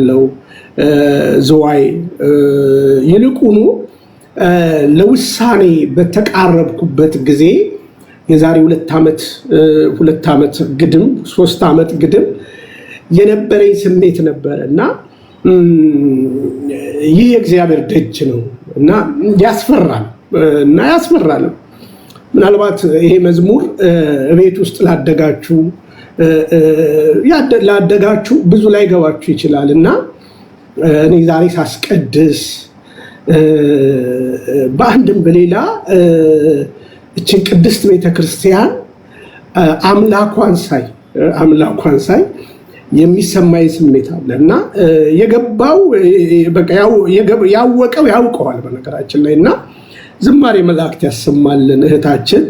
ያለው ዝዋይ ይልቁኑ ለውሳኔ በተቃረብኩበት ጊዜ የዛሬ ሁለት ዓመት ሁለት ዓመት ግድም ሶስት ዓመት ግድም የነበረኝ ስሜት ነበረ እና ይህ የእግዚአብሔር ደጅ ነው እና ያስፈራል እና ያስፈራልም። ምናልባት ይሄ መዝሙር ቤት ውስጥ ላደጋችሁ ላደጋችሁ ብዙ ላይ ገባችሁ ይችላል እና እኔ ዛሬ ሳስቀድስ በአንድም በሌላ እችን ቅድስት ቤተክርስቲያን አምላኳን ሳይ አምላኳን ሳይ የሚሰማኝ ስሜት አለ እና የገባው ያወቀው ያውቀዋል። በነገራችን ላይ እና ዝማሬ መላእክት ያሰማልን እህታችን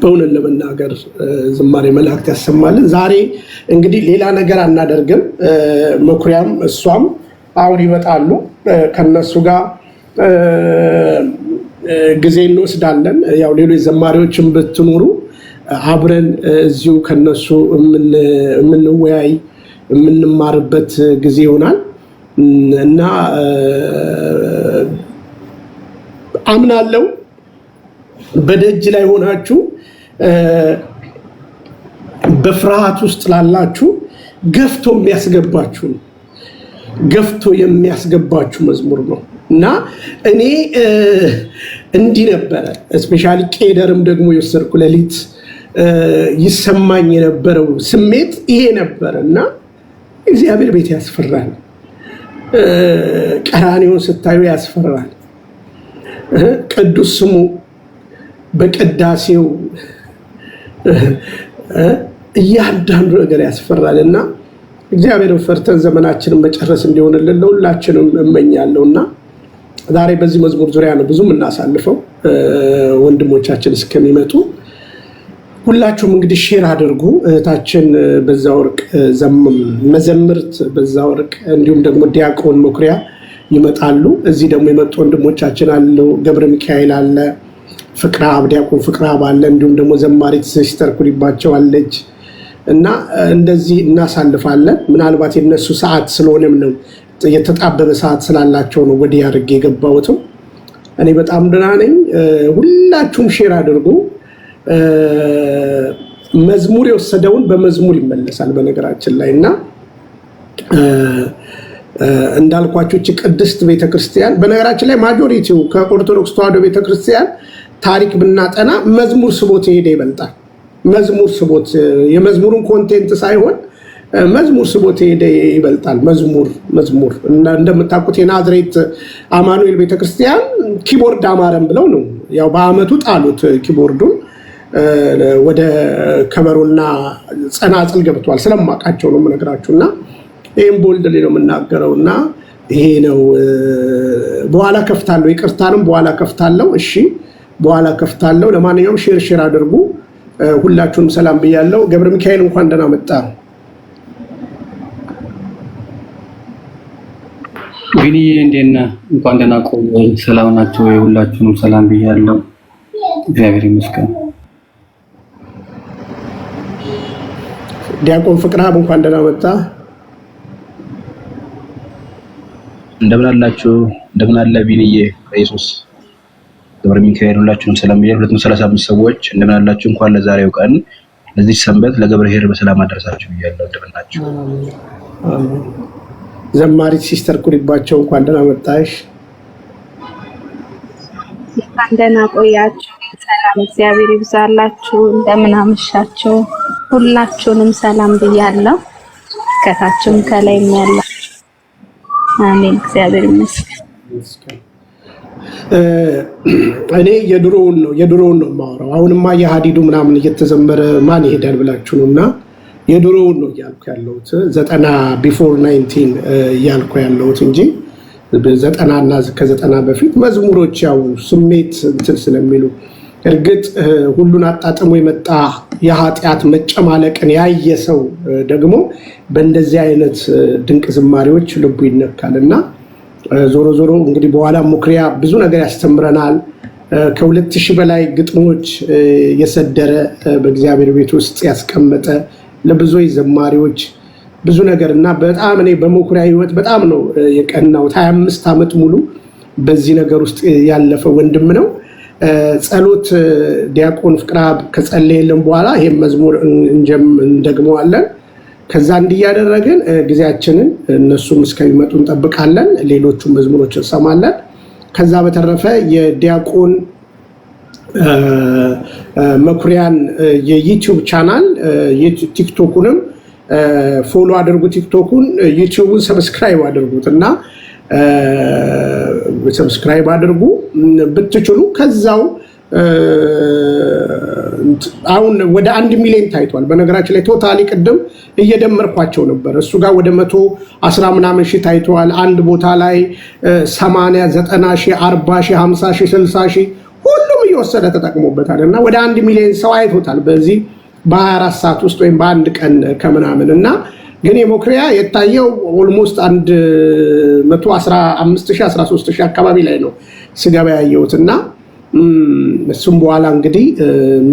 በእውነት ለመናገር ዝማሬ መላእክት ያሰማልን። ዛሬ እንግዲህ ሌላ ነገር አናደርግም። መኩሪያም እሷም አሁን ይመጣሉ። ከነሱ ጋር ጊዜ እንወስዳለን። ያው ሌሎች ዘማሪዎችን ብትኖሩ አብረን እዚሁ ከነሱ የምንወያይ የምንማርበት ጊዜ ይሆናል እና አምናለው በደጅ ላይ ሆናችሁ በፍርሃት ውስጥ ላላችሁ ገፍቶ የሚያስገባችሁ ነው። ገፍቶ የሚያስገባችሁ መዝሙር ነው እና እኔ እንዲህ ነበረ። እስፔሻሊ ቄደርም ደግሞ የወሰድኩ ሌሊት ይሰማኝ የነበረው ስሜት ይሄ ነበረ እና እግዚአብሔር ቤት ያስፈራል። ቀራኔውን ስታዩ ያስፈራል። ቅዱስ ስሙ በቅዳሴው እያንዳንዱ ነገር ያስፈራል እና እግዚአብሔርን ፈርተን ዘመናችንን መጨረስ እንዲሆንልን ለሁላችንም እመኛለሁ እና ዛሬ በዚህ መዝሙር ዙሪያ ነው ብዙ የምናሳልፈው። ወንድሞቻችን እስከሚመጡ ሁላችሁም እንግዲህ ሼር አድርጉ። እህታችን በዛ ወርቅ መዘምርት በዛ ወርቅ እንዲሁም ደግሞ ዲያቆን መኩሪያ ይመጣሉ። እዚህ ደግሞ የመጡ ወንድሞቻችን አለው ገብረ ሚካኤል አለ ፍቅራ አብዲያቆን ፍቅራ ባለ እንዲሁም ደግሞ ዘማሪት ሲስተር ኩሪባቸው አለች እና እንደዚህ እናሳልፋለን። ምናልባት የነሱ ሰዓት ስለሆነም ነው የተጣበበ ሰዓት ስላላቸው ነው ወዲህ አድርጌ የገባሁትም። እኔ በጣም ደህና ነኝ። ሁላችሁም ሼር አድርጉ። መዝሙር የወሰደውን በመዝሙር ይመለሳል በነገራችን ላይ እና እንዳልኳቸው ቅድስት ቤተክርስቲያን በነገራችን ላይ ማጆሪቲው ከኦርቶዶክስ ተዋህዶ ቤተክርስቲያን ታሪክ ብናጠና መዝሙር ስቦት የሄደ ይበልጣል። መዝሙር ስቦት የመዝሙሩን ኮንቴንት ሳይሆን መዝሙር ስቦት የሄደ ይበልጣል። መዝሙር መዝሙር እንደምታውቁት የናዝሬት አማኑኤል ቤተክርስቲያን ኪቦርድ አማረን ብለው ነው ያው በአመቱ ጣሉት ኪቦርዱን ወደ ከበሮና ጸናጽል ገብቷል። ስለማውቃቸው ነው የምነግራችሁ እና ይህም ቦልድ ላይ ነው የምናገረው እና ይሄ ነው። በኋላ ከፍታለሁ፣ ይቅርታንም በኋላ ከፍታለሁ። እሺ በኋላ ከፍታለሁ። ለማንኛውም ሼር ሼር አድርጉ። ሁላችሁንም ሰላም ብያለሁ። ገብረ ሚካኤል እንኳን ደህና መጣ። ቢኒዬ እንዴት ነህ? እንኳን ደህና ቆይ። ሰላም ናቸው። የሁላችሁንም ሰላም ብያለሁ። እግዚአብሔር ይመስገን። ዲያቆን ፍቅርሀብ እንኳን ደህና መጣ። እንደምን አላችሁ? እንደምን አለ ቢኒዬ ኢየሱስ ገብረ ሚካኤል ሁላችሁንም ሰላም ብያለሁ። ሁለት መቶ ሰላሳ አምስት ሰዎች እንደምን አላችሁ? እንኳን ለዛሬው ቀን ለዚህ ሰንበት ለገብረ ሄር በሰላም አደረሳችሁ ብያለሁ። እንደምን ናችሁ? ዘማሪት ሲስተር ኩሪባቸው እንኳን ደህና መጣሽ። እንኳን ደህና ቆያችሁ። ሰላም እግዚአብሔር ይብዛላችሁ። እንደምን አመሻችሁ? ሁላችሁንም ሰላም ብያለሁ። ከታችሁም ከላይም ያላችሁ አሜን። እግዚአብሔር ይመስገን። እኔ የድሮውን ነው የድሮውን ነው የማወራው። አሁንማ የሀዲዱ ምናምን እየተዘመረ ማን ይሄዳል ብላችሁ ነው እና የድሮውን ነው እያልኩ ያለሁት ዘጠና ቢፎር ናይንቲን እያልኩ ያለሁት እንጂ ዘጠናና ከዘጠና በፊት መዝሙሮች ያው ስሜት እንትን ስለሚሉ እርግጥ ሁሉን አጣጥሞ የመጣ የኃጢአት መጨማለቅን ያየ ሰው ደግሞ በእንደዚህ አይነት ድንቅ ዝማሬዎች ልቡ ይነካል እና ዞሮ ዞሮ እንግዲህ በኋላ ሙክሪያ ብዙ ነገር ያስተምረናል። ከሁለት ሺህ በላይ ግጥሞች የሰደረ በእግዚአብሔር ቤት ውስጥ ያስቀመጠ ለብዙ ዘማሪዎች ብዙ ነገር እና በጣም እኔ በመኩሪያ ህይወት በጣም ነው የቀናሁት። ሀያ አምስት ዓመት ሙሉ በዚህ ነገር ውስጥ ያለፈ ወንድም ነው። ጸሎት ዲያቆን ፍቅራብ ከጸለየልን በኋላ ይህም መዝሙር እንደግመዋለን። ከዛ እንዲያደረግን ጊዜያችንን እነሱም እስከሚመጡ እንጠብቃለን። ሌሎቹም መዝሙሮች እንሰማለን። ከዛ በተረፈ የዲያቆን መኩሪያን የዩቲዩብ ቻናል ቲክቶኩንም ፎሎ አድርጉ። ቲክቶኩን፣ ዩቲዩቡን ሰብስክራይብ አድርጉት እና ሰብስክራይብ አድርጉ ብትችሉ ከዛው አሁን ወደ አንድ ሚሊዮን ታይቷል። በነገራችን ላይ ቶታሊ ቅድም እየደመርኳቸው ነበር። እሱ ጋር ወደ መቶ አስራ ምናምን ሺህ ታይተዋል። አንድ ቦታ ላይ ሰማንያ ዘጠና ሺህ አርባ ሺህ ሀምሳ ሺህ ስልሳ ሺህ ሁሉም እየወሰደ ተጠቅሞበታል እና ወደ አንድ ሚሊዮን ሰው አይቶታል በዚህ በሀያ አራት ሰዓት ውስጥ ወይም በአንድ ቀን ከምናምን እና ግን የሞክሪያ የታየው ኦልሞስት አንድ መቶ አስራ አምስት ሺህ አስራ ሶስት ሺህ አካባቢ ላይ ነው ስገባ ያየሁት እና እሱም በኋላ እንግዲህ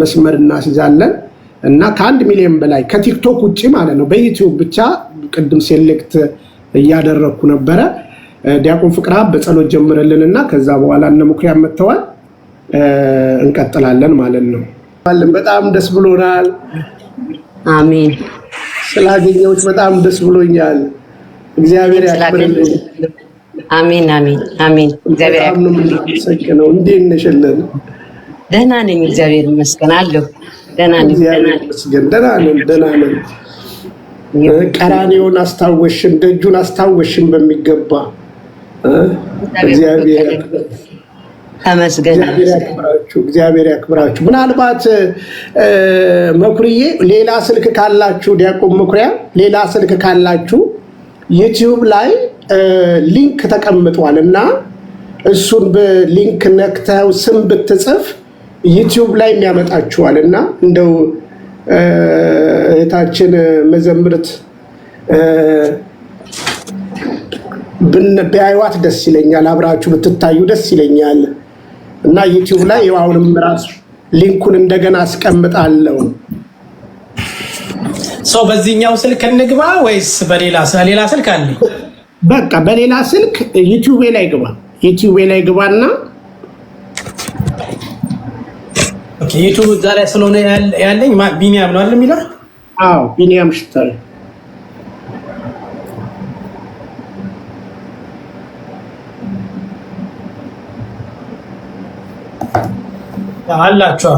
መስመር እናስይዛለን እና ከአንድ ሚሊዮን በላይ ከቲክቶክ ውጭ ማለት ነው በዩቲዩብ ብቻ ቅድም ሴሌክት እያደረግኩ ነበረ። ዲያቆን ፍቅራ በጸሎት ጀምረልን እና ከዛ በኋላ እነ ሙክሪያ መጥተዋል። እንቀጥላለን ማለት ነው። በጣም ደስ ብሎናል። አሜን። ስላገኘሁት በጣም ደስ ብሎኛል። እግዚአብሔር ያክብርልኝ። አሚን አሜን አሜን። እግዚአብሔር ያመሰግነው። እንዴት ነሽ? ደህና ነኝ፣ እግዚአብሔር ይመስገን አለሁ። ደህና ነኝ፣ ደህና ነኝ፣ ደህና ነኝ። ቀራኔውን አስታወሽን፣ ደጁን አስታወሽን በሚገባ እግዚአብሔር ተመስገን። እግዚአብሔር ያክብራችሁ። ምናልባት መኩርዬ ሌላ ስልክ ካላችሁ ዲያቆን መኩሪያ ሌላ ስልክ ካላችሁ ዩቲዩብ ላይ ሊንክ ተቀምጧል እና እሱን በሊንክ ነክተው ስም ብትጽፍ ዩቲዩብ ላይ የሚያመጣችኋል እና እንደው እህታችን መዘምርት ቢያዩዋት ደስ ይለኛል። አብራችሁ ብትታዩ ደስ ይለኛል እና ዩቲዩብ ላይ አሁንም ራሱ ሊንኩን እንደገና አስቀምጣለሁ። ሰው በዚህኛው ስልክ እንግባ ወይስ በሌላ ስልክ አለኝ? በቃ በሌላ ስልክ ዩቲዩቤ ላይ ግባ፣ ዩቲዩቤ ላይ ግባና ኦኬ፣ ዩቲዩብ እዛ ላይ ስለሆነ ያለኝ ቢኒያም ነው አለ የሚለው? አዎ ቢኒያም ሽታለ አላቸው።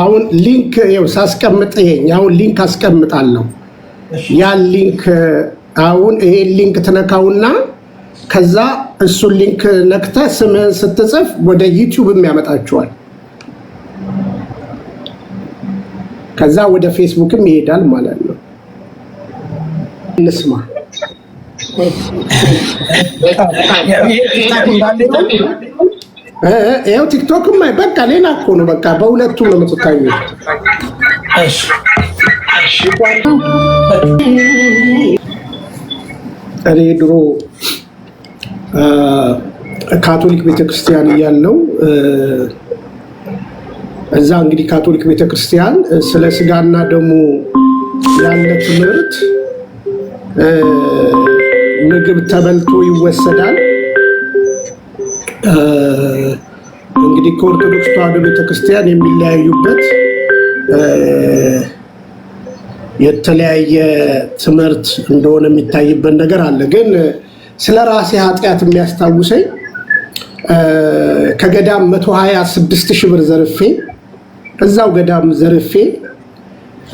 አሁን ሊንክ ሳስቀምጥ ይሄኝ አሁን ሊንክ አስቀምጣለሁ ያን ሊንክ አሁን ይሄን ሊንክ ትነካውና ከዛ እሱን ሊንክ ነክተ ስምህን ስትጽፍ ወደ ዩቲዩብም ያመጣችኋል። ከዛ ወደ ፌስቡክም ይሄዳል ማለት ነው። እንስማ ይኸው ቲክቶክም በቃ ሌላ እኮ ነው። በቃ በሁለቱም ነው የምትታዩ። እሺ እኔ ድሮ ካቶሊክ ቤተክርስቲያን እያለው እዛ እንግዲህ ካቶሊክ ቤተክርስቲያን ስለ ስጋና ደሞ ያለ ትምህርት ምግብ ተበልቶ ይወሰዳል። እንግዲህ ከኦርቶዶክስ ተዋዶ ቤተክርስቲያን የሚለያዩበት የተለያየ ትምህርት እንደሆነ የሚታይበት ነገር አለ። ግን ስለ ራሴ ኃጢአት የሚያስታውሰኝ ከገዳም 126 ሺህ ብር ዘርፌ እዛው ገዳም ዘርፌ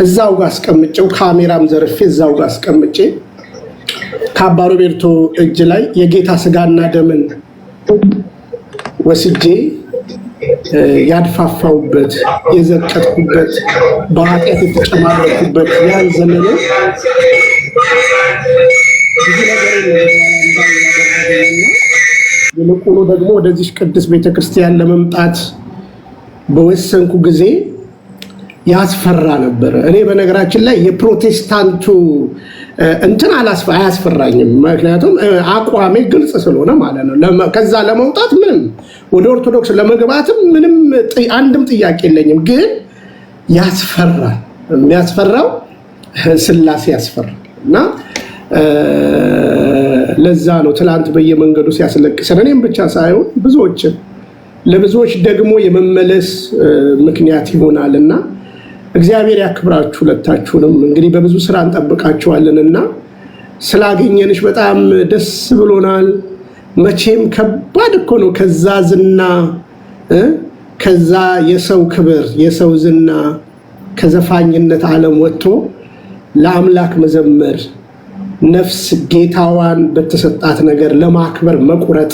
እዛው ጋር አስቀምጬው ካሜራም ዘርፌ እዛው ጋር አስቀምጬ ከአባ ሮቤርቶ እጅ ላይ የጌታ ስጋና ደምን ወስጄ ያድፋፋውበት፣ የዘቀጥኩበት፣ በኃጢአት የተጨማረኩበት ያን ዘመኔ ብዙ ይልቁኑ ደግሞ ወደዚህ ቅዱስ ቤተክርስቲያን ለመምጣት በወሰንኩ ጊዜ ያስፈራ ነበረ። እኔ በነገራችን ላይ የፕሮቴስታንቱ እንትን አያስፈራኝም። ምክንያቱም አቋሜ ግልጽ ስለሆነ ማለት ነው። ከዛ ለመውጣት ምንም ወደ ኦርቶዶክስ ለመግባትም ምንም አንድም ጥያቄ የለኝም። ግን ያስፈራል። የሚያስፈራው ስላሴ ያስፈራል እና ለዛ ነው ትላንት በየመንገዱ ሲያስለቅሰን እኔም ብቻ ሳይሆን ብዙዎችን ለብዙዎች ደግሞ የመመለስ ምክንያት ይሆናል እና እግዚአብሔር ያክብራችሁ ሁለታችሁንም። እንግዲህ በብዙ ስራ እንጠብቃችኋለን እና ስላገኘንሽ በጣም ደስ ብሎናል። መቼም ከባድ እኮ ነው ከዛ ዝና ከዛ የሰው ክብር የሰው ዝና ከዘፋኝነት ዓለም ወጥቶ ለአምላክ መዘመር ነፍስ ጌታዋን በተሰጣት ነገር ለማክበር መቁረጥ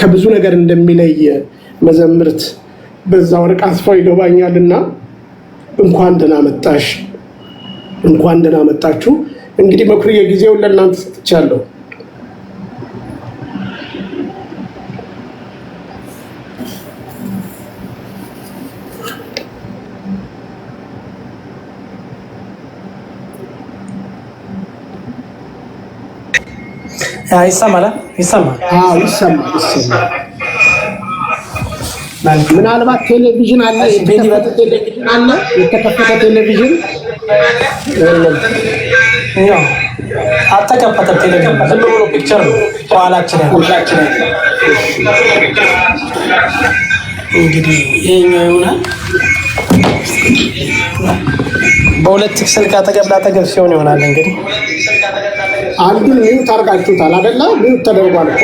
ከብዙ ነገር እንደሚለይ መዘምርት በዛ ወርቅ አስፋው ይገባኛልና እንኳን ደህና መጣሽ፣ እንኳን ደህና መጣችሁ። እንግዲህ መኩሪዬ ጊዜውን ለእናንተ ሰጥቻለሁ። ይሰማል ይሰማል ይሰማል። ምናልባት ቴሌቪዥን አለ፣ የተከፈተ ቴሌቪዥን አለ፣ የተከፈተ ቴሌቪዥን አልተከፈተም። ቴሌቪዥን ዝም ብሎ ፒክቸር ነው። ከኋላችን ሁላችን እንግዲህ ይሄኛው ይሆናል። በሁለት ስልክ አጠገብ ላጠገብ ሲሆን ይሆናል እንግዲህ አንዱን ሚዩት አድርጋችሁታል አይደለ? ሚዩት ተደርጓል እኮ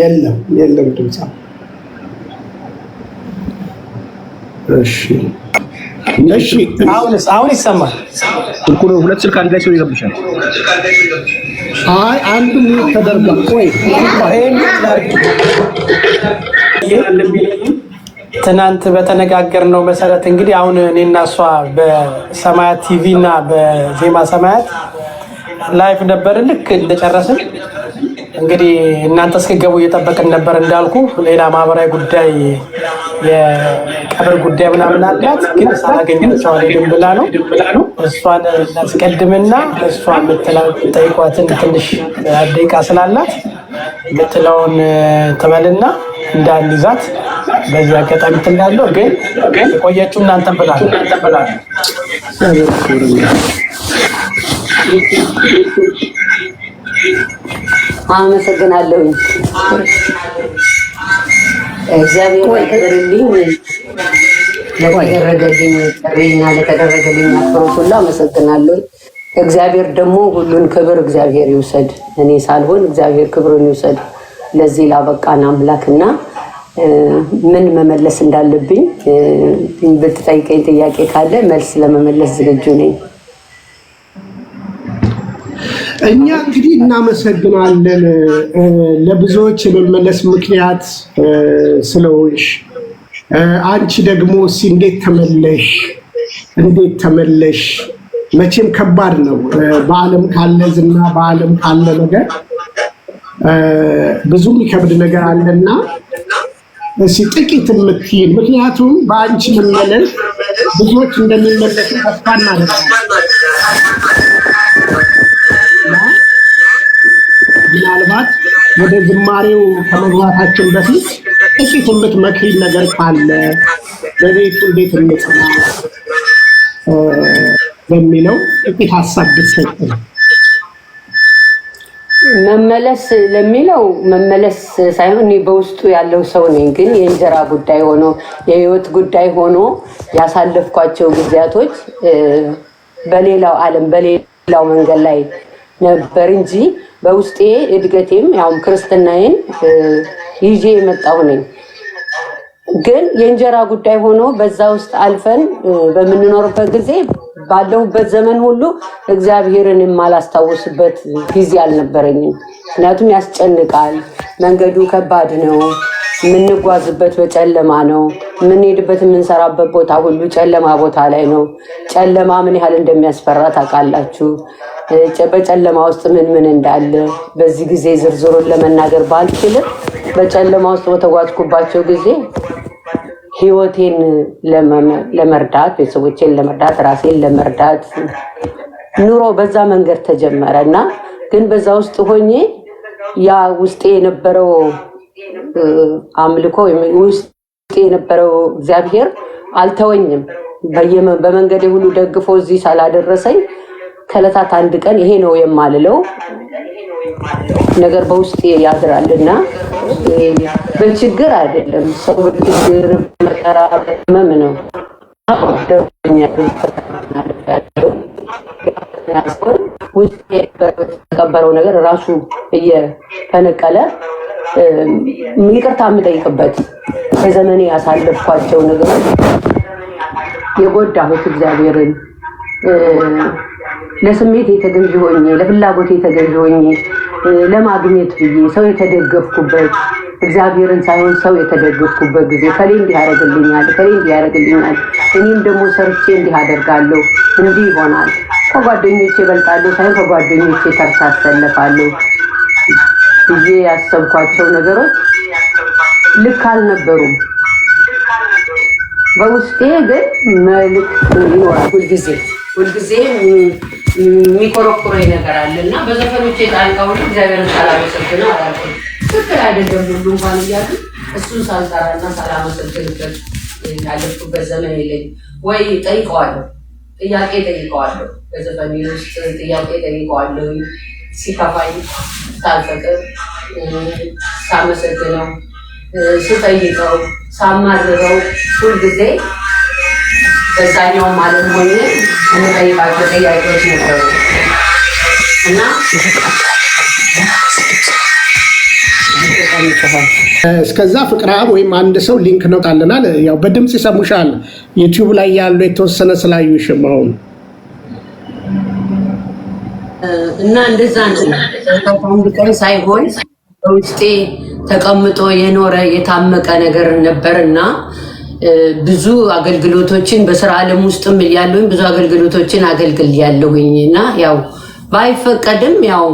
የለም የለም ድምፃ እሺ እሺ አሁንስ አሁን ይሰማል። ስልኩ ነው ሁለት ስልክ አንድ ላይ ሰው ይረብሻል። አይ አንዱ ምን ተደርጋ ቆይ ትናንት በተነጋገርነው መሰረት እንግዲህ አሁን እኔና እሷ በሰማያት ቲቪ እና በዜማ ሰማያት ላይፍ ነበር ልክ እንደጨረስን እንግዲህ እናንተ እስክገቡ እየጠበቅን ነበር። እንዳልኩ ሌላ ማህበራዊ ጉዳይ የቀብር ጉዳይ ምናምን አላት፣ ግን ሳላገኘን ድም ብላ ነው። እሷን እናስቀድምና እሷ የምትለው ጠይቋትን ትንሽ ደቂቃ ስላላት የምትለውን ትበልና እንዳንዛት በዚህ አጋጣሚ ትላለው። ግን የቆየችው እናንተን ብላ ነው አመሰግናለሁ እግዚአብሔር ለተደረገልኝ ጥሪና ሁሉ አመሰግናለሁ። እግዚአብሔር ደግሞ ሁሉን ክብር እግዚአብሔር ይውሰድ፣ እኔ ሳልሆን እግዚአብሔር ክብሩን ይውሰድ። ለዚህ ላበቃን አምላክና ምን መመለስ እንዳለብኝ ብትጠይቀኝ ጥያቄ ካለ መልስ ለመመለስ ዝግጁ ነኝ። እኛ እንግዲህ እናመሰግናለን። ለብዙዎች የመመለስ ምክንያት ስለሆንሽ፣ አንቺ ደግሞ እስኪ እንዴት ተመለሽ? እንዴት ተመለሽ? መቼም ከባድ ነው። በዓለም ካለ ዝና፣ በዓለም ካለ ነገር ብዙ የሚከብድ ነገር አለና እስኪ ጥቂት የምትይን ምክንያቱም በአንቺ መመለስ ብዙዎች እንደሚመለሱ ተስፋ እናደርጋለን። ሰዓት ወደ ዝማሬው ከመግባታችን በፊት ጥቂት የምትመክሪ ነገር ካለ በቤቱ እንዴት እንጽና በሚለው ጥቂት ሀሳብ ብትሰጥን። መመለስ ለሚለው መመለስ ሳይሆን እኔ በውስጡ ያለው ሰው ነኝ። ግን የእንጀራ ጉዳይ ሆኖ የህይወት ጉዳይ ሆኖ ያሳለፍኳቸው ጊዜያቶች በሌላው ዓለም በሌላው መንገድ ላይ ነበር እንጂ በውስጤ እድገቴም ያውም ክርስትናዬን ይዤ የመጣሁ ነኝ። ግን የእንጀራ ጉዳይ ሆኖ በዛ ውስጥ አልፈን በምንኖርበት ጊዜ ባለሁበት ዘመን ሁሉ እግዚአብሔርን የማላስታውስበት ጊዜ አልነበረኝም። ምክንያቱም ያስጨንቃል፣ መንገዱ ከባድ ነው። የምንጓዝበት በጨለማ ነው። የምንሄድበት የምንሰራበት ቦታ ሁሉ ጨለማ ቦታ ላይ ነው። ጨለማ ምን ያህል እንደሚያስፈራ ታውቃላችሁ። በጨለማ ውስጥ ምን ምን እንዳለ በዚህ ጊዜ ዝርዝሩን ለመናገር ባልችልም በጨለማ ውስጥ በተጓዝኩባቸው ጊዜ ህይወቴን ለመርዳት ቤተሰቦቼን ለመርዳት ራሴን ለመርዳት ኑሮ በዛ መንገድ ተጀመረ እና ግን በዛ ውስጥ ሆኜ ያ ውስጤ የነበረው አምልኮ ውስጥ የነበረው እግዚአብሔር አልተወኝም። በመንገዴ ሁሉ ደግፎ እዚህ ሳላደረሰኝ ከዕለታት አንድ ቀን ይሄ ነው የማልለው ነገር በውስጥ ያድራልና በችግር አይደለም። ሰው በችግር መከራ መም ነው ውስጥ የተቀበረው ነገር ራሱ እየፈነቀለ ይቅርታ የምጠይቅበት ከዘመኔ ያሳለፍኳቸው ነገሮች የጎዳሁት እግዚአብሔርን ለስሜት የተገዥ ሆኜ ለፍላጎት የተገዥ ሆኜ ለማግኘት ብዬ ሰው የተደገፍኩበት እግዚአብሔርን ሳይሆን ሰው የተደገፍኩበት ጊዜ ከሌ እንዲህ ያደርግልኛል፣ ከሌ እንዲህ ያደርግልኛል፣ እኔም ደግሞ ሰርቼ እንዲህ አደርጋለሁ፣ እንዲህ ይሆናል፣ ከጓደኞቼ እበልጣለሁ ሳይሆን ከጓደኞቼ ተርታ አሰለፋለሁ ብዬ ያሰብኳቸው ነገሮች ልክ አልነበሩም። በውስጤ ግን መልክ ይኖራል። ሁልጊዜ ሁልጊዜ የሚኮረኩረኝ ነገር አለ እና በዘፈኖች የጣልቃ እግዚአብሔር ሳላመሰግነ ሳላመሰግነው አላልኩም። ትክክል አይደለም ሁሉ እንኳን እያሉ እሱን ሳልጠራና ሳላመሰግንበት ያለፍኩበት ዘመን የለኝ ወይ ጠይቀዋለሁ፣ ጥያቄ ጠይቀዋለሁ፣ በዘፈኔ ውስጥ ጥያቄ ጠይቀዋለሁ ሲከፋኝ ሳልፈቅር ሳመሰግነው ስጠይቀው ሳማርረው ሁልጊዜ በዛኛው ማለት ሆኜ የምጠይቃቸው ጥያቄዎች ነበሩ እና እስከዛ ፍቅረ አብ ወይም አንድ ሰው ሊንክ ነው ጣልናል። ያው በድምፅ ይሰሙሻል። ዩቲዩብ ላይ ያሉ የተወሰነ ስላዩሽም አሁን እና እንደዛ ነው ቀን ሳይሆን በውስጤ ተቀምጦ የኖረ የታመቀ ነገር ነበር እና ብዙ አገልግሎቶችን በስራ ዓለም ውስጥም እያለሁኝ ብዙ አገልግሎቶችን አገልግል ያለሁኝ እና ያው ባይፈቀድም ያው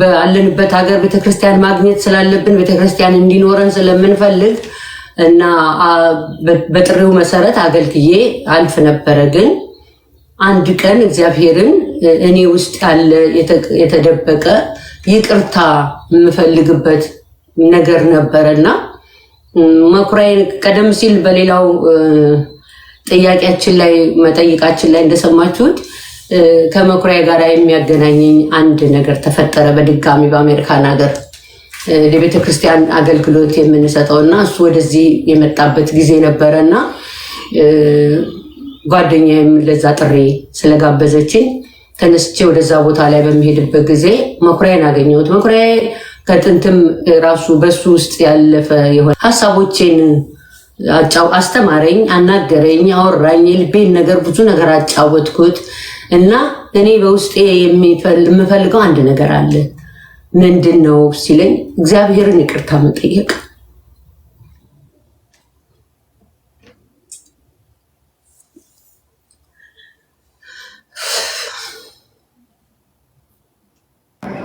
ባለንበት ሀገር ቤተክርስቲያን ማግኘት ስላለብን ቤተክርስቲያን እንዲኖረን ስለምንፈልግ እና በጥሪው መሰረት አገልግዬ አልፍ ነበረ ግን አንድ ቀን እግዚአብሔርን እኔ ውስጥ ያለ የተደበቀ ይቅርታ የምፈልግበት ነገር ነበረ እና መኩሪያን ቀደም ሲል በሌላው ጥያቄያችን ላይ መጠይቃችን ላይ እንደሰማችሁት ከመኩሪያ ጋር የሚያገናኘኝ አንድ ነገር ተፈጠረ። በድጋሚ በአሜሪካን ሀገር ለቤተ ክርስቲያን አገልግሎት የምንሰጠው እና እሱ ወደዚህ የመጣበት ጊዜ ነበረ እና ጓደኛዬም ለዛ ጥሪ ስለጋበዘችኝ ተነስቼ ወደዛ ቦታ ላይ በሚሄድበት ጊዜ መኩሪያን አገኘሁት። መኩሪያ ከጥንትም ራሱ በሱ ውስጥ ያለፈ የሆነ ሀሳቦቼን አስተማረኝ፣ አናገረኝ፣ አወራኝ፣ ልቤን ነገር ብዙ ነገር አጫወትኩት እና እኔ በውስጤ የምፈልገው አንድ ነገር አለ። ምንድን ነው ሲለኝ እግዚአብሔርን ይቅርታ መጠየቅ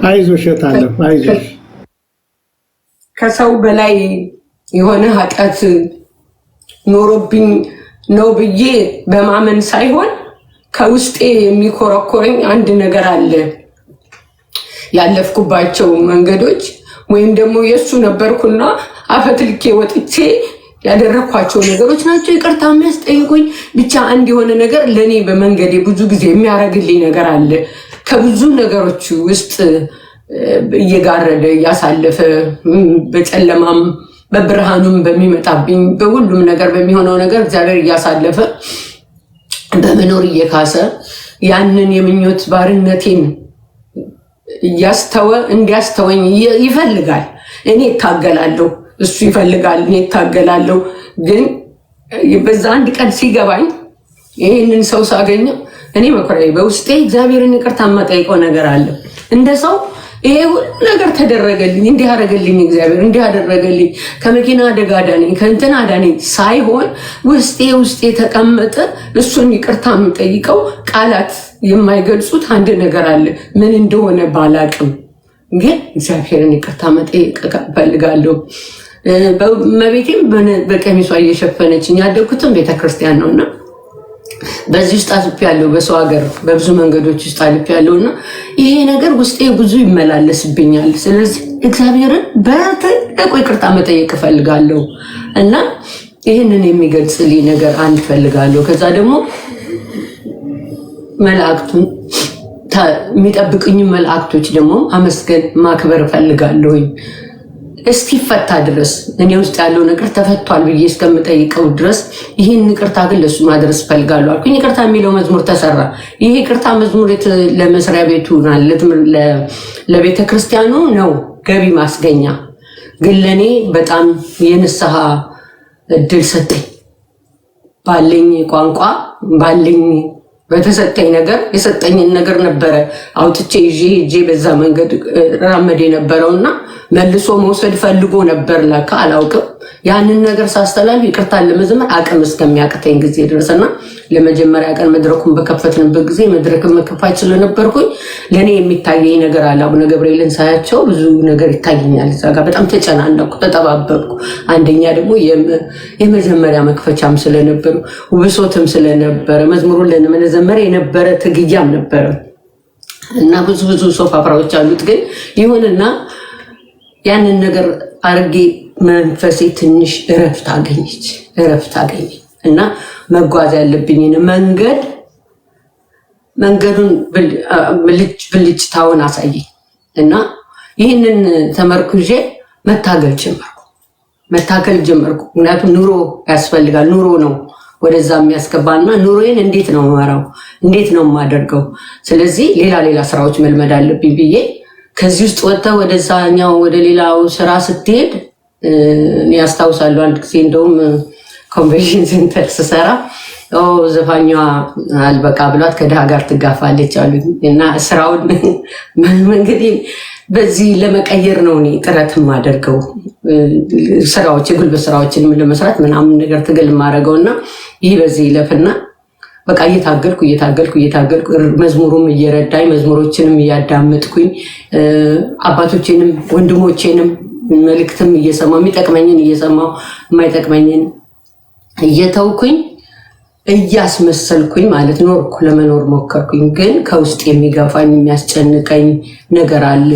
አይዞሽ እታለሁ አይዞሽ። ከሰው በላይ የሆነ ኃጢአት ኖሮብኝ ነው ብዬ በማመን ሳይሆን ከውስጤ የሚኮረኮረኝ አንድ ነገር አለ። ያለፍኩባቸው መንገዶች ወይም ደግሞ የእሱ ነበርኩና አፈትልኬ ወጥቼ ያደረግኳቸው ነገሮች ናቸው። ይቅርታ የሚያስጠይቁኝ ብቻ አንድ የሆነ ነገር ለእኔ በመንገዴ ብዙ ጊዜ የሚያደርግልኝ ነገር አለ። ከብዙ ነገሮች ውስጥ እየጋረደ እያሳለፈ በጨለማም በብርሃኑም በሚመጣብኝ በሁሉም ነገር በሚሆነው ነገር እግዚአብሔር እያሳለፈ በመኖር እየካሰ ያንን የምኞት ባርነቴን እያስተወ እንዲያስተወኝ ይፈልጋል። እኔ እታገላለሁ፣ እሱ ይፈልጋል፣ እኔ እታገላለሁ። ግን በዛ አንድ ቀን ሲገባኝ ይህንን ሰው ሳገኘው እኔ መኩሪያ በውስጤ እግዚአብሔርን ይቅርታ የማጠይቀው ነገር አለ። እንደ ሰው ይሄ ሁሉ ነገር ተደረገልኝ፣ እንዲህ አደረገልኝ፣ እግዚአብሔር እንዲህ አደረገልኝ፣ ከመኪና አደጋ አዳነኝ፣ ከእንትን አዳነኝ ሳይሆን ውስጤ ውስጤ ተቀመጠ። እሱን ይቅርታ የምጠይቀው ቃላት የማይገልጹት አንድ ነገር አለ። ምን እንደሆነ ባላቅም ግን እግዚአብሔርን ይቅርታ መጠየቅ እፈልጋለሁ። መቤቴም በቀሚሷ እየሸፈነችኝ ያደግኩትም ቤተክርስቲያን ነውና በዚህ ውስጥ አልፍ ያለው በሰው ሀገር በብዙ መንገዶች ውስጥ አልፍ ያለው እና ይሄ ነገር ውስጤ ብዙ ይመላለስብኛል። ስለዚህ እግዚአብሔርን በትልቁ ይቅርታ መጠየቅ እፈልጋለሁ እና ይህንን የሚገልጽልኝ ነገር አንድ እፈልጋለሁ። ከዛ ደግሞ መላእክቱን የሚጠብቅኝ መላእክቶች ደግሞ አመስገን ማክበር እፈልጋለሁኝ። እስኪፈታ ድረስ እኔ ውስጥ ያለው ነገር ተፈቷል ብዬ እስከምጠይቀው ድረስ ይህን ይቅርታ ግን ለሱ ማድረስ ፈልጋሉ አልኩኝ። ይቅርታ የሚለው መዝሙር ተሰራ። ይህ ይቅርታ መዝሙር ለመስሪያ ቤቱ ለቤተ ክርስቲያኑ ነው ገቢ ማስገኛ፣ ግን ለእኔ በጣም የንስሐ እድል ሰጠኝ። ባለኝ ቋንቋ ባለኝ በተሰጠኝ ነገር የሰጠኝን ነገር ነበረ አውጥቼ ይዤ ሄጄ በዛ መንገድ ራመድ የነበረውና መልሶ መውሰድ ፈልጎ ነበር ለካ አላውቅም። ያንን ነገር ሳስተላልፍ ይቅርታን ለመዘመር አቅም እስከሚያቅተኝ ጊዜ ድረስና ለመጀመሪያ ቀን መድረኩን በከፈትንበት ጊዜ መድረክን መከፋች ስለነበርኩኝ ለእኔ የሚታየኝ ነገር አለ። አቡነ ገብርኤልን ሳያቸው ብዙ ነገር ይታየኛል። እዛ ጋር በጣም ተጨናነቁ፣ ተጠባበቅኩ። አንደኛ ደግሞ የመጀመሪያ መክፈቻም ስለነበሩ ብሶትም ስለነበረ መዝሙሩን ለመዘመር የነበረ ትግያም ነበረ እና ብዙ ብዙ ሶፋ ፍራዎች አሉት ግን ይሁንና ያንን ነገር አርጌ መንፈሴ ትንሽ እረፍት አገኘች እረፍት አገኘ እና መጓዝ ያለብኝን መንገድ መንገዱን ብልጭታውን አሳየኝ እና ይህንን ተመርኩዤ መታገል ጀመርኩ መታገል ጀመርኩ። ምክንያቱም ኑሮ ያስፈልጋል። ኑሮ ነው ወደዛ የሚያስገባና ኑሮዬን እንዴት ነው መራው እንዴት ነው የማደርገው? ስለዚህ ሌላ ሌላ ስራዎች መልመድ አለብኝ ብዬ ከዚህ ውስጥ ወጥታ ወደዛኛው ወደ ሌላው ስራ ስትሄድ ያስታውሳሉ አንድ ጊዜ እንደውም ኮንቬንሽን ሴንተር ስሰራ ዘፋኛዋ አልበቃ ብሏት ከድሃ ጋር ትጋፋለች አሉ እና ስራውን እንግዲህ በዚህ ለመቀየር ነው እኔ ጥረት የማደርገው ስራዎች የጉልበት ስራዎችን ለመስራት ምናምን ነገር ትግል የማደርገው እና ይህ በዚህ ይለፍና በቃ እየታገልኩ እየታገልኩ እየታገልኩ መዝሙሩም እየረዳኝ መዝሙሮችንም እያዳመጥኩኝ አባቶቼንም ወንድሞቼንም መልእክትም እየሰማው የሚጠቅመኝን እየሰማው የማይጠቅመኝን እየተውኩኝ እያስመሰልኩኝ ማለት ኖርኩ፣ ለመኖር ሞከርኩኝ። ግን ከውስጥ የሚገፋኝ የሚያስጨንቀኝ ነገር አለ።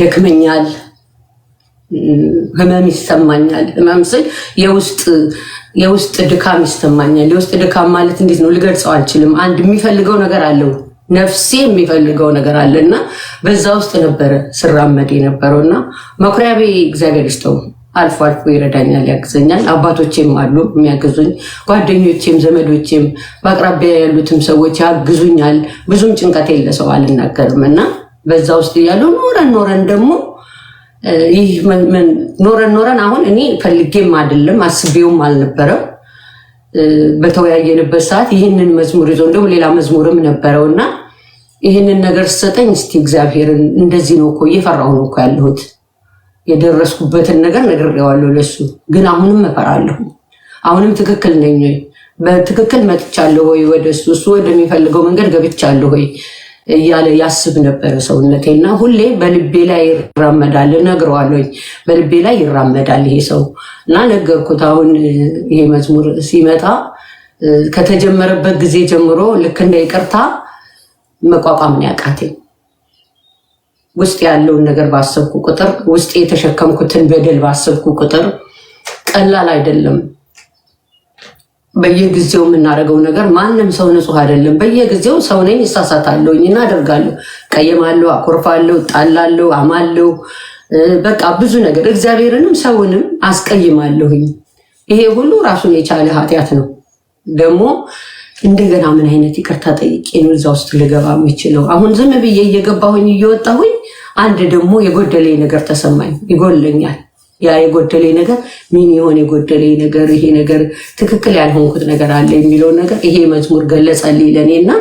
ደክመኛል፣ ህመም ይሰማኛል። ህመም ስል የውስጥ የውስጥ ድካም ይሰማኛል። የውስጥ ድካም ማለት እንዴት ነው ልገልጸው አልችልም። አንድ የሚፈልገው ነገር አለው ነፍሴ የሚፈልገው ነገር አለ እና በዛ ውስጥ ነበረ ስራመድ የነበረው እና ቤ እግዚአብሔር ይስጠው አልፎ አልፎ ይረዳኛል፣ ያግዘኛል። አባቶቼም አሉ የሚያግዙኝ፣ ጓደኞቼም፣ ዘመዶቼም በአቅራቢያ ያሉትም ሰዎች ያግዙኛል። ብዙም ጭንቀት የለ ሰው አልናገርም እና በዛ ውስጥ እያለው ኖረን ኖረን ደግሞ ይህ ኖረን ኖረን አሁን እኔ ፈልጌም አይደለም አስቤውም አልነበረም። በተወያየንበት ሰዓት ይህንን መዝሙር ይዞ እንዲሁም ሌላ መዝሙርም ነበረው እና ይህንን ነገር ስሰጠኝ እስቲ እግዚአብሔርን እንደዚህ ነው እኮ እየፈራሁ ነው እኮ ያለሁት የደረስኩበትን ነገር ነግሬዋለሁ ለሱ። ግን አሁንም እፈራለሁ። አሁንም ትክክል ነኝ በትክክል መጥቻለሁ ወይ? ወደ እሱ ወደሚፈልገው መንገድ ገብቻለሁ ወይ? እያለ ያስብ ነበረ ሰውነቴ እና ሁሌ በልቤ ላይ ይራመዳል። እነግረዋለሁኝ በልቤ ላይ ይራመዳል ይሄ ሰው እና ነገርኩት። አሁን ይሄ መዝሙር ሲመጣ ከተጀመረበት ጊዜ ጀምሮ ልክ እንደ ይቅርታ መቋቋም ነው ያቃተኝ። ውስጥ ያለውን ነገር ባሰብኩ ቁጥር፣ ውስጥ የተሸከምኩትን በደል ባሰብኩ ቁጥር ቀላል አይደለም። በየጊዜው የምናደርገው ነገር ማንም ሰው ንጹህ አይደለም። በየጊዜው ሰው ነኝ፣ እሳሳታለሁ፣ እና አደርጋለሁ፣ ቀየማለሁ፣ አኮርፋለሁ፣ ጣላለሁ፣ አማለሁ፣ በቃ ብዙ ነገር እግዚአብሔርንም ሰውንም አስቀይማለሁኝ። ይሄ ሁሉ ራሱን የቻለ ኃጢአት ነው። ደግሞ እንደገና ምን አይነት ይቅርታ ጠይቄ ነው እዛ ውስጥ ልገባ የሚችለው? አሁን ዝም ብዬ እየገባሁኝ እየወጣሁኝ፣ አንድ ደግሞ የጎደለኝ ነገር ተሰማኝ፣ ይጎለኛል ያ የጎደለኝ ነገር ምን ይሆን? የጎደሌ ነገር ይሄ ነገር ትክክል ያልሆንኩት ነገር አለ የሚለውን ነገር ይሄ መዝሙር ገለጸልኝ ለእኔ እና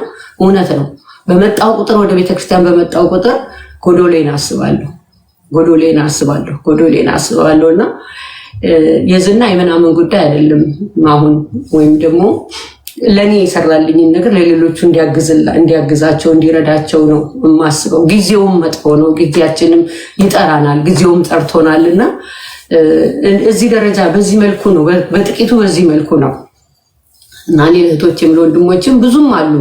እውነት ነው። በመጣው ቁጥር ወደ ቤተክርስቲያን በመጣው ቁጥር ጎዶሌን አስባለሁ፣ ጎዶሌን አስባለሁ፣ ጎዶሌን አስባለሁ እና የዝና የምናምን ጉዳይ አይደለም አሁን ወይም ደግሞ ለእኔ የሰራልኝን ነገር ለሌሎቹ እንዲያግዛቸው እንዲረዳቸው ነው የማስበው። ጊዜውም መጥፎ ነው። ጊዜያችንም ይጠራናል። ጊዜውም ጠርቶናል እና እዚህ ደረጃ በዚህ መልኩ ነው፣ በጥቂቱ በዚህ መልኩ ነው እና እኔ እህቶችም ለወንድሞችም ብዙም አሉ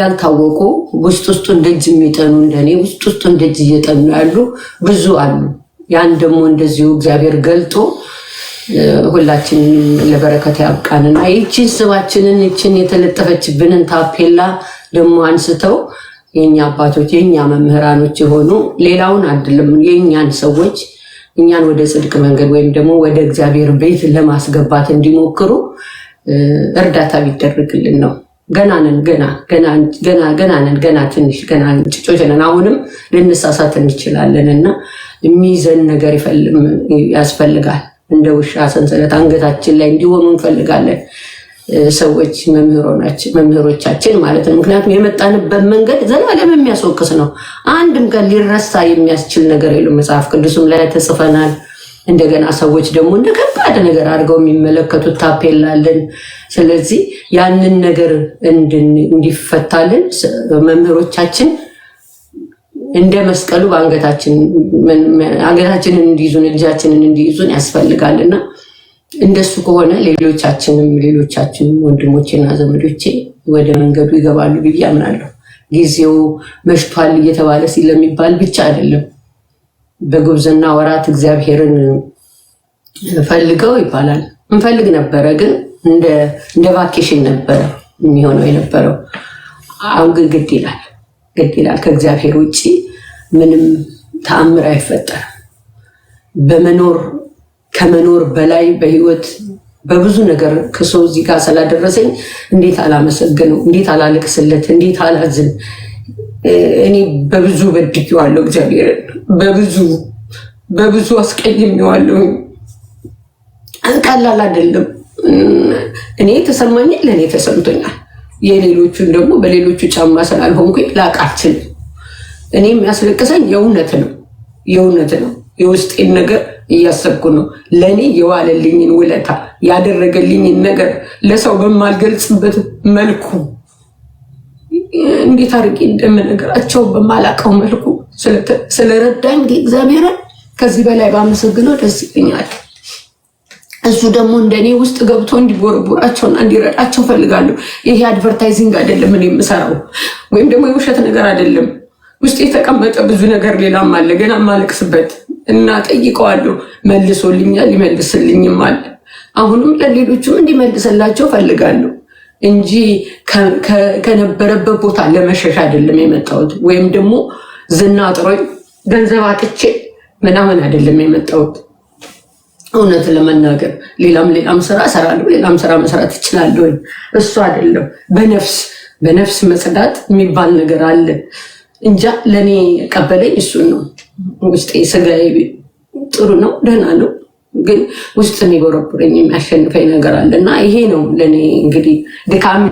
ያልታወቁ ውስጥ ውስጡን ደጅ የሚጠኑ እንደኔ ውስጥ ውስጡን ደጅ እየጠኑ ያሉ ብዙ አሉ። ያን ደግሞ እንደዚሁ እግዚአብሔር ገልጦ ሁላችንንም ለበረከት ያብቃንና ይቺን ስማችንን ይችን የተለጠፈችብንን ታፔላ ደግሞ አንስተው የኛ አባቶች የኛ መምህራኖች የሆኑ ሌላውን አይደለም የእኛን ሰዎች እኛን ወደ ጽድቅ መንገድ ወይም ደግሞ ወደ እግዚአብሔር ቤት ለማስገባት እንዲሞክሩ እርዳታ ቢደረግልን ነው። ገና ነን፣ ገና ገና ገና ነን፣ ገና ትንሽ ገና ጭጮች ነን። አሁንም ልንሳሳት እንችላለን እና የሚይዘን ነገር ያስፈልጋል። እንደ ውሻ ሰንሰለት አንገታችን ላይ እንዲሆኑ እንፈልጋለን። ሰዎች መምህሮቻችን ማለት ነው። ምክንያቱም የመጣንበት መንገድ ዘላለም የሚያስወቅስ ነው። አንድም ቀን ሊረሳ የሚያስችል ነገር የለም። መጽሐፍ ቅዱስም ላይ ተጽፈናል። እንደገና ሰዎች ደግሞ እንደ ከባድ ነገር አድርገው የሚመለከቱት ታፔላለን። ስለዚህ ያንን ነገር እንዲፈታልን መምህሮቻችን እንደ መስቀሉ አንገታችንን እንዲይዙን እጃችንን እንዲይዙን ያስፈልጋልና እንደሱ ከሆነ ሌሎቻችንም ሌሎቻችንም ወንድሞቼና ዘመዶቼ ወደ መንገዱ ይገባሉ ብዬ አምናለሁ። ጊዜው መሽቷል እየተባለ ለሚባል ብቻ አይደለም። በጉብዝና ወራት እግዚአብሔርን ፈልገው ይባላል። እንፈልግ ነበረ፣ ግን እንደ ቫኬሽን ነበረ የሚሆነው የነበረው። አሁን ግን ግድ ይላል፣ ግድ ይላል። ከእግዚአብሔር ውጭ ምንም ተአምር አይፈጠርም በመኖር ከመኖር በላይ በህይወት በብዙ ነገር ከሰው እዚህ ጋር ስላደረሰኝ እንዴት አላመሰገነው? እንዴት አላለቅስለት? እንዴት አላዝን? እኔ በብዙ በድጌዋለሁ፣ እግዚአብሔርን በብዙ በብዙ አስቀይሜዋለሁ። ቀላል አይደለም። እኔ ተሰማኝ፣ ለእኔ ተሰምቶኛል። የሌሎቹን ደግሞ በሌሎቹ ጫማ ስላልሆንኩኝ ላቃችን እኔ የሚያስለቅሰኝ የእውነት ነው፣ የእውነት ነው የውስጤን ነገር እያሰብኩ ነው። ለእኔ የዋለልኝን ውለታ ያደረገልኝን ነገር ለሰው በማልገልጽበት መልኩ እንዴት አድርጌ እንደምነግራቸው በማላቀው መልኩ ስለረዳኝ እግዚአብሔርን ከዚህ በላይ ባመሰግነው ደስ ይለኛል። እሱ ደግሞ እንደኔ ውስጥ ገብቶ እንዲቦረቦራቸውና እንዲረዳቸው ፈልጋለሁ። ይሄ አድቨርታይዚንግ አይደለም እኔ የምሰራው ወይም ደግሞ የውሸት ነገር አይደለም። ውስጥ የተቀመጠ ብዙ ነገር ሌላም አለ ገና የማለቅስበት እና ጠይቀዋለሁ። መልሶልኛል፣ ይመልስልኝም አለ። አሁንም ለሌሎችም እንዲመልስላቸው ፈልጋለሁ እንጂ ከነበረበት ቦታ ለመሸሽ አይደለም የመጣሁት ወይም ደግሞ ዝና ጥሮኝ ገንዘብ አጥቼ ምናምን አይደለም የመጣሁት። እውነት ለመናገር ሌላም ሌላም ስራ እሰራለሁ፣ ሌላም ስራ መስራት እችላለሁ። እሱ አይደለም በነፍስ በነፍስ መጽዳት የሚባል ነገር አለ። እንጃ ለእኔ ቀበለኝ እሱን ነው። ውስጤ ስጋዬ ጥሩ ነው፣ ደህና ነው። ግን ውስጥ የሚጎረብረኝ የሚያሸንፈኝ ነገር አለ እና ይሄ ነው ለእኔ እንግዲህ ድካም